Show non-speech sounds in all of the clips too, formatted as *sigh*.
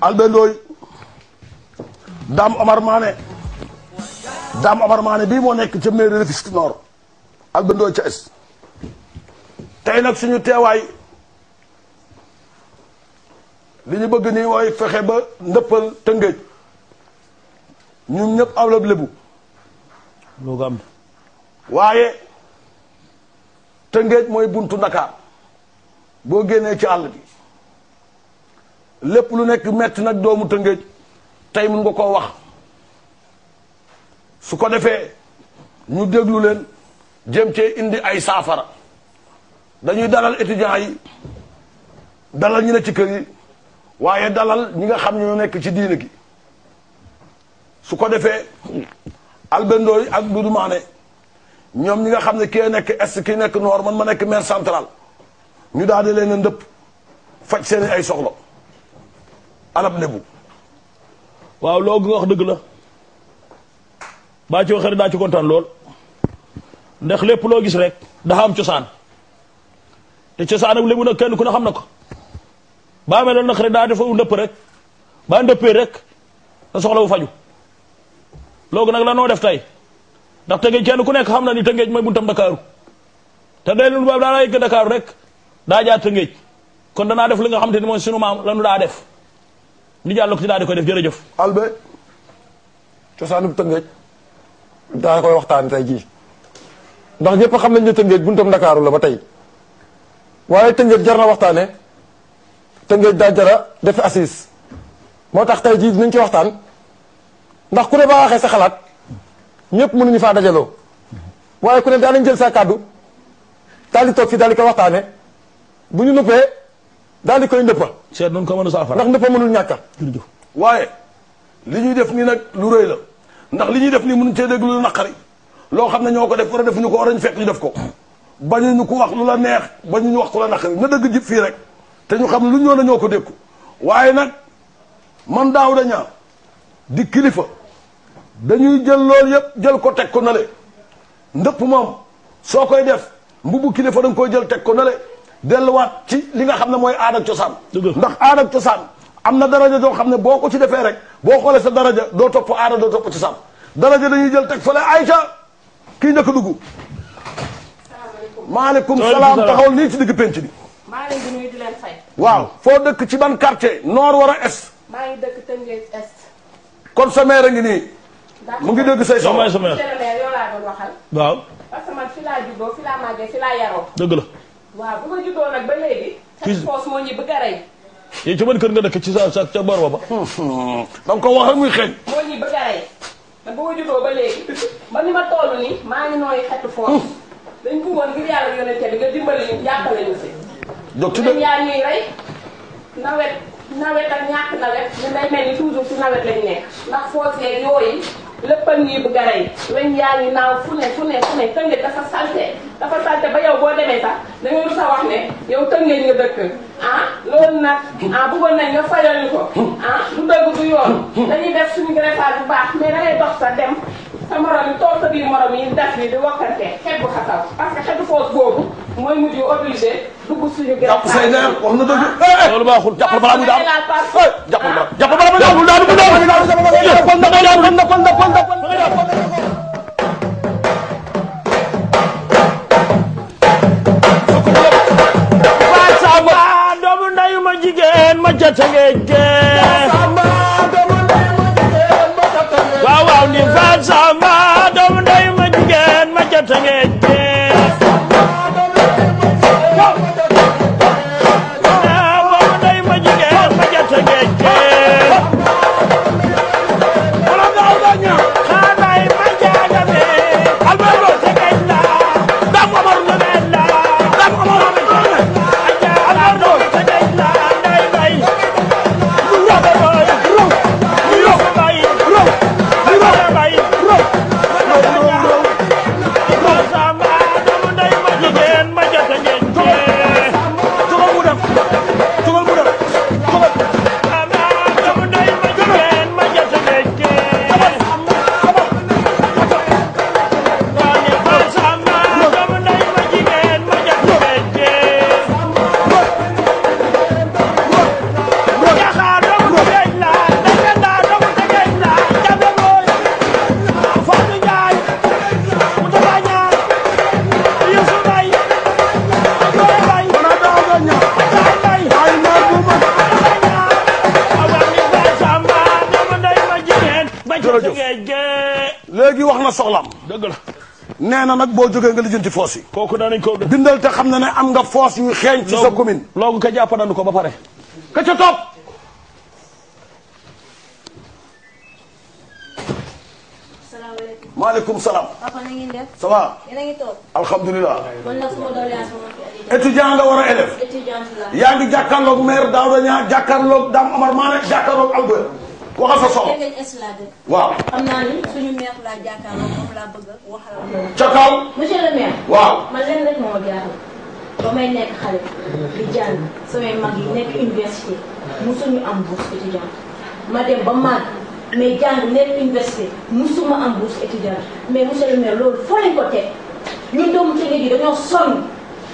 Albert Ndoye Dame Omar Mané Dame Omar Mané bii moo nekk ca mairie Rufisque Nord Albert ca est tey nag suñu teewaay li ñu bëgg nii mooy fexe ba ndëppal tëngéej ñun ñëpp awlab lébu looga waaye tëngéej mooy buntu Ndakaar boo génnee ci àll bi lépp lu nekk metti nag doomu tëngéej tey mun nga koo wax su ko defee ñu déglu leen jëm cee indi ay saafara dañuy dalal étudiants yi dalal ñu ne ci kër yi waaye dalal ñi nga xam ñoo nekk ci diine gi su ko defee albendooy ak Doudou Mané ñoom ñi nga xam ne ki nekk est kii nekk nord man ma nekk maire central ñu daal di leen ndëpp faj seeni ay soxlo alam nebu waaw loogu wax dëgg la baa ci waxee daa ci kontaan lool ndax lépp loo gis rek dafa am cosaan te cosaan ak lébu nag kenn ku ne xam na ko baa mel na xëy daa dafa ndëpp rek baa ndëppee rek sa soxla wu faju loog nag la noo def tey ndax tëngeej kenn ku nekk xam na ni tëngeej mooy buntam Dakaaru te day lu baab daa laa yëg Dakaaru rek daa jaar tëngeej kon danaa def li nga xam te ni mooy sunu maam lanu daa def ñu jàll ko ci daal di ko def jërëjëf. albe cosaanub tëngeej daa koy waxtaan tey jii ndax ñëpp xam nañ ne tëngeej buntam ndakaaru la ba tey waaye tëngeej jar na waxtaane tëngeej daa jara def assise moo tax tey jii dinañ ci waxtaan ndax ku ne ba waxee sa xalaat ñëpp mënuñu faa dajaloo waaye ku ne daanañ jël sa kàddu daal di toog fii daal di ko waxtaane bu ñu nuppee daal di koy ndëppa seet noonu ko mën sa saafara ndax ndëppa mënul ñàkka waaye li ñuy def nii nag lu rëy la ndax li ñuy def nii mënu cee dégg lu naqari loo xam ne ñoo ko def war a def ñu ko war añ fekk ñu def ko bañu ñu ko wax lu la neex ba ñu wax ko la naqari na dëgg jib fii rek te ñu xam lu ñoo na ñoo ko dékku waaye nag man daaw dañaa di kilifa dañuy jël loolu yëpp jël ko teg ko nale ndëpp moom soo koy def mbubu kilifa da nga koy jël teg ko nale delluwaat ci li nga xam ne mooy aada ak cosaan ndax aada cosaan am na daraja joo xam ne boo ko ci defee rek boo xoolee sa daraja doo topp aada doo topp cosaan daraja dañuy jël teg fële Aïcha kii njëkk dugg maaleykum salaam taxawal nii ci digg penc bi maa leen di nuyu di leen fay waaw foo dëkk ci ban quartier nord war a est maa ngi dëkk Tëngéej est kon sa maire a ngi nii dégg say soxla yow laa doon waxal laa juddoo fi laa waaw bu ma juddoo nag ba léegi. ci poos moo ñu bëgg a rey. yéen ci ban kër nga dëkk ci sa sa ca Barba ba. *laughs* da nga ko wax rek muy moo ñu bëgg a rey man bu ba léegi *laughs* man ni ma toll nii maa ngi nooy xetu foofu. dañ bëggoon ngir yàlla yónnee bi nga dimbali ñu jàppale ñu si. donc ci yaa ñuy rey nawet nawet ak ñàkk nawet ñun day mel ni toujours ci nawet lañ nekk ndax foos yeeg yooyu. lépp a ngi bëgg a rey weñ yaa ngi naaw fu ne fu ne fu ne tëngëj dafa salte dafa salte ba yow boo demee sax da nga rusa wax ne yow tëngëj nga dëkk ah loolu nag ah bëggoon nañ nga fayal ñu ko ah lu dëgg du yoon dañuy def suñu greffage bu baax mais da ngay dox sa dem sa morom yi toog sa biir morom yi def ni di wokkante xebu xasaw parce que xebu foos boobu mooy mujj obligé dugg suñu gerte. wax na dëgg. Ah, ah. loolu baaxul jàppal balaa muy daal jàppal balaa muy daal. na soxlaam. dëgg la. nee na nag boo jógee nga lijjanti foos yi. kooku danañ ko bindal te xam na ne am nga foos yu xeeñ. ci sa loogu ka jàpp nañu ko ba pare. ka ca topp. salaamaaleykum. maaleykum salaam. papa na ngeen def. ça va. yéen a ngi toog. alhamdulilah. kon nag sama a élève. étudiant nga. yaa ngi jàkkaarloog maire Daouda Niang jàkkaarloog Dame Amar waxal a soxla waaw. xam naa ni suñu maire laa jàkkaarloo moom laa bëgg a waxal ca kaw monsieur le maire. waaw man leen rek moo jaaxal. ba may nekk xale. di jàng samay mag yi nekk université. mosuñu am bourse étudiante. ma dem ba màgg mais jàng nekk université mosuma am bourse étudiante mais monsieur le maire loolu foo leen ko teg ñun doomu dañoo sonn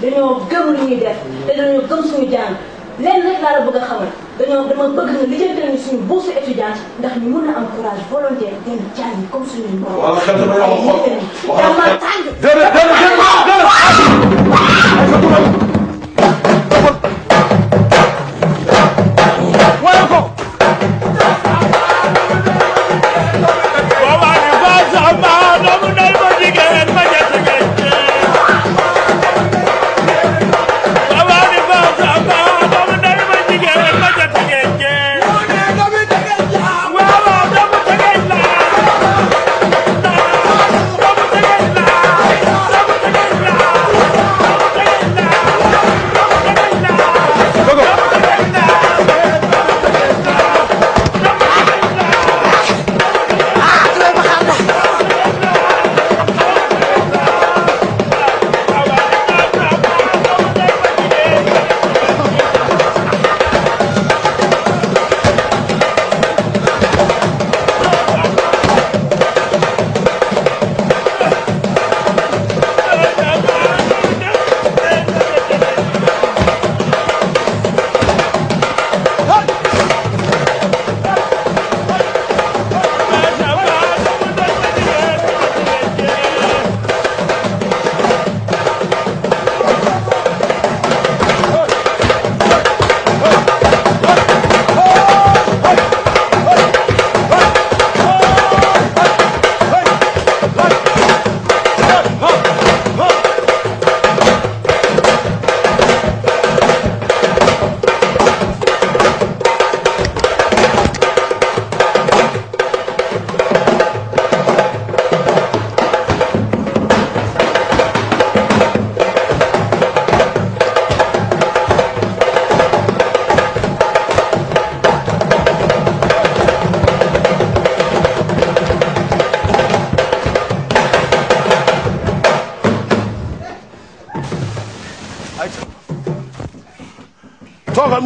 dañoo gëm lu ñuy def te dañoo gëm suñu jàng. lenn rek laa la bëgg a xamal dañoo dama bëgg nga lijjantal ñu suñu bourse étudiante ndax ñu mën a am courage volontaire dem jàngi comme suñu morom. waaw xam nga dama wax ko dama tàng. déedéet déedéet déedéet.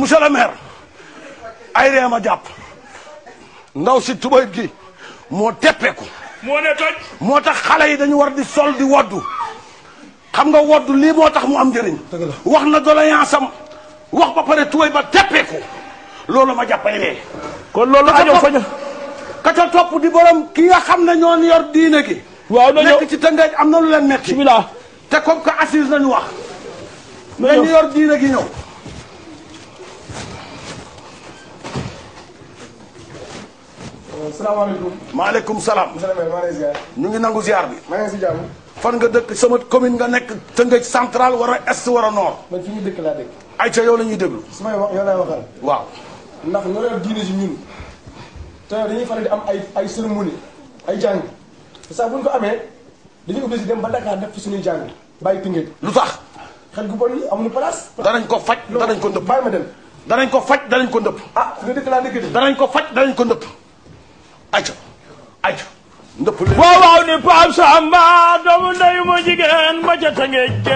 mu le maire ay reema jàpp ndaw si tubay gi moo teppeeku moo ne moo tax xale yi dañu war di sol di woddu xam nga woddu lii moo tax mu am njëriñ wax na doléance am wax ba pare tubay ba teppeeku loolu ma jàpp jàppay ree kon loolu ajo faña ka ca topp di borom ki nga xam ne ñoo yor diine gi waaw na nekk ci tëngeej am na lu leen metti te comme ka assise nañu wax dañu yor diine gi ñëw salaamaaleykum. maaleykum salaam. ñu ngi nangu ziar bi. fan nga dëkk sama commune nga nekk Tëngéej central wara est wara nord. man fi ñu dëkk laa dëkk. ca yow la ñuy déglu. su wax yow laay waxal. waaw. ndax ñu yor diine ci ñun. te dañuy faral di am ay ay cérémonie ay jàng saa buñ ko amee dañuy obligé dem ba Dakar def fi suñuy jàng bàyyi Tëngéej. lu tax. xel gu bon yi amuñu place. danañ ko faj danañ ko ndëpp. bàyyi ma dem. danañ ko faj danañ ko ndëpp. ah fi nga dëkk laa dëkk danañ ko faj danañ ko ndëpp. ajo ajo ndëpp waaw waaw ni Pape Samba doomu ndeyu ma jigéen ma ca tëngeej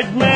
segment.